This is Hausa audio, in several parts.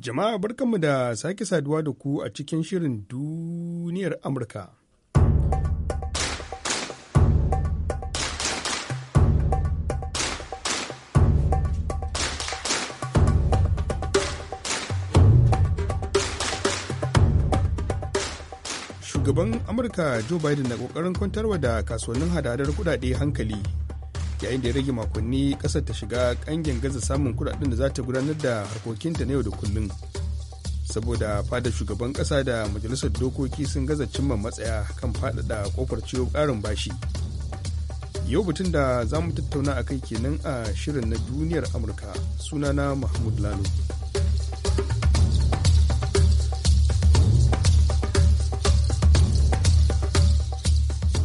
Jama'a barkanmu da sake saduwa da ku a cikin shirin duniyar Amurka. Shugaban Amurka Joe Biden na ƙoƙarin kwantarwa da kasuwannin hadadar kudade hankali yayin da ya rage makonni kasar ta shiga kangen gaza samun kudaden da za ta gudanar da harkokinta na yau da kullum saboda fadar shugaban kasa da majalisar dokoki sun gaza cimma matsaya kan faɗaɗa kofar ciwo ƙarin bashi yau batun da za mu tattauna a kai kenan a shirin na duniyar amurka sunana mahmud lalo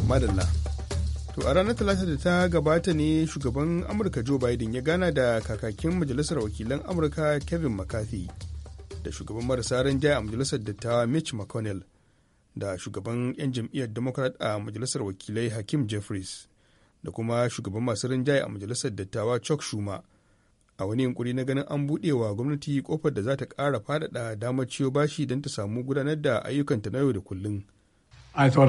madalla To a ranar Talata da ta gabata ne shugaban Amurka Joe Biden ya gana da kakakin Majalisar Wakilan Amurka Kevin McCarthy da shugaban marasa rinjaye a Majalisar Dattawa Mitch McConnell da shugaban 'yan jam'iyyar Democrat a Majalisar Wakilai Hakim Jeffries da kuma shugaban masu rinjaye a Majalisar Dattawa Chuck Schumer a wani yunkuri na ganin an buɗe wa gwamnati kofar da za ta ƙara faɗaɗa damar ciyo bashi don ta samu gudanar da ayyukanta na yau da kullum. Biden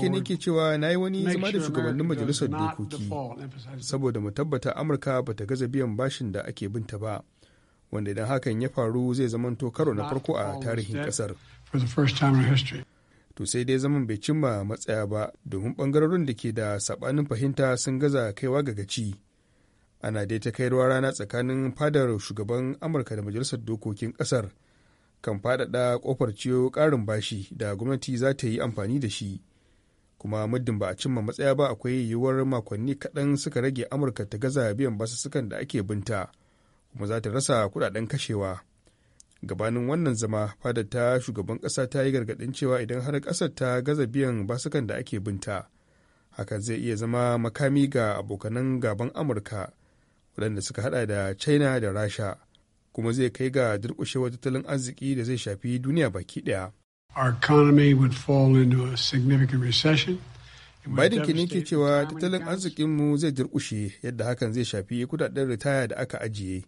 kenan ne ke cewa na yi wani zama da shugabannin majalisar dokoki saboda mu tabbata Amurka ba ta gaza biyan bashin da ake binta ba, wanda idan hakan ya faru zai zaman to karo na farko a tarihin kasar. To sai dai zaman bai cimma matsaya ba domin bangarorin da ke da sabanin fahimta sun gaza kaiwa ga gaci. Ana dai ta kai rana tsakanin fadar shugaban Amurka da majalisar dokokin kasar. kan faɗaɗa ƙofar ciyo ƙarin bashi da gwamnati za ta yi amfani da shi kuma muddin ba a cimma matsaya ba akwai yiwuwar makonni kaɗan suka rage amurka ta gaza biyan basussukan da ake binta kuma za ta rasa kuɗaɗen kashewa gabanin wannan zama fadar ta shugaban ƙasa ta yi gargaɗin cewa idan har ƙasar ta gaza biyan basukan da ake binta hakan zai iya zama makami ga abokanan gaban amurka waɗanda suka haɗa da china da rasha kuma zai kai ga durkushe tattalin arziki da zai shafi duniya baki daya. Biden ke ke cewa tattalin arzikinmu zai durƙushe yadda hakan zai shafi kudaden ritaya da aka ajiye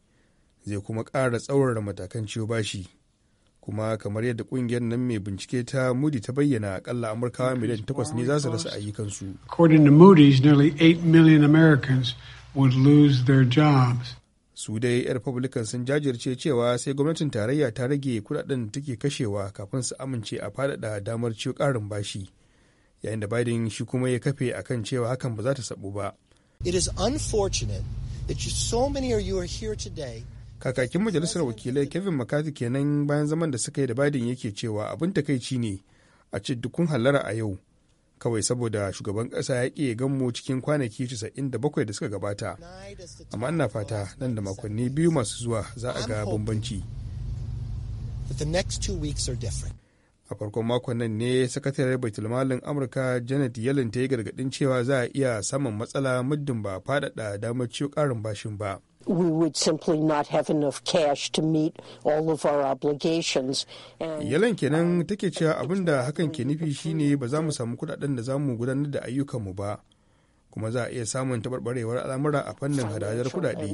zai kuma ƙara tsaurara matakan ciwo bashi kuma kamar yadda ƙungiyar nan mai bincike ta Moody ta bayyana akalla Amurkawa miliyan takwas ne za su rasa ayyukansu. According to Moody's, nearly 8 million Americans would lose their jobs. su dai yan republican sun jajirce cewa sai gwamnatin tarayya ta rage kudaden da take kashewa kafin su amince a faɗaɗa damar ciwo karin bashi yayin da biden shi kuma ya kafe akan cewa hakan ba za ta sabu ba it is unfortunate that so many of you are here today kakakin majalisar wakilai kevin mccarthy kenan bayan zaman da suka yi da biden yake cewa abin takaici ne a ce dukun hallara a yau kawai saboda shugaban ƙasa ya ƙi gan mu cikin kwanaki 97 da suka gabata amma ina fata nan da makonni biyu masu zuwa za a ga bambanci a farkon makon nan ne sakataren baitulmalin amurka janet yellen ta yi gargadin cewa za a iya saman matsala muddin ba faɗaɗa damar ciwo ƙarin bashin ba Yalan kenan take cewa abin da hakan ke nufi shine ba za mu samu kudaden da za mu gudanar da ayyukanmu ba, kuma za a iya samun taɓarɓarewar al'amura a fannin hadadar kudade.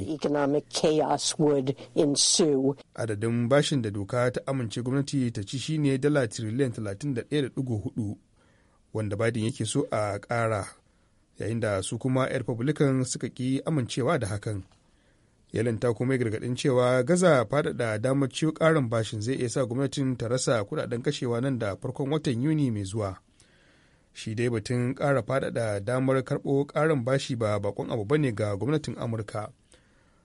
Adadin bashin da doka ta amince gwamnati ta ci shine dala tiriliyan 31.4 wanda Biden yake so a kara yayin da su kuma 'yan Republican suka ƙi amincewa da hakan. yalin ta kuma gargaɗin cewa gaza faɗaɗa damar ciwo ƙarin bashin zai iya sa gwamnatin ta rasa kuɗaɗen kashewa nan da farkon watan yuni mai zuwa shi dai batun ƙara faɗaɗa damar karɓo ƙarin bashi ba bakon abu bane ga gwamnatin amurka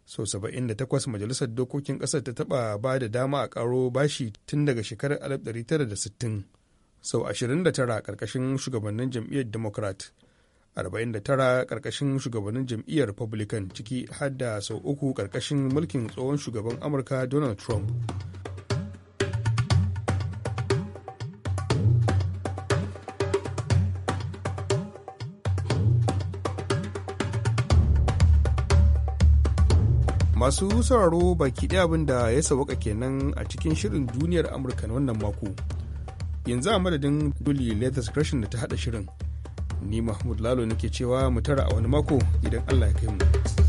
so 78 majalisar dokokin ƙasar ta taɓa ba da dama a ƙaro bashi tun daga shekarar 1960 sau tara ƙarƙashin shugabannin jam'iyyar democrat 49 ƙarƙashin shugabannin jam'iyyar republican ciki har da sau uku ƙarƙashin mulkin tsohon shugaban amurka donald trump masu sauraro baki ɗaya abin da ya sauka kenan a cikin shirin duniyar amurka na wannan mako yanzu a madadin julie latest rashin da ta haɗa shirin ni mahmud lalo nake cewa mu tara a wani mako idan allah ya kai mu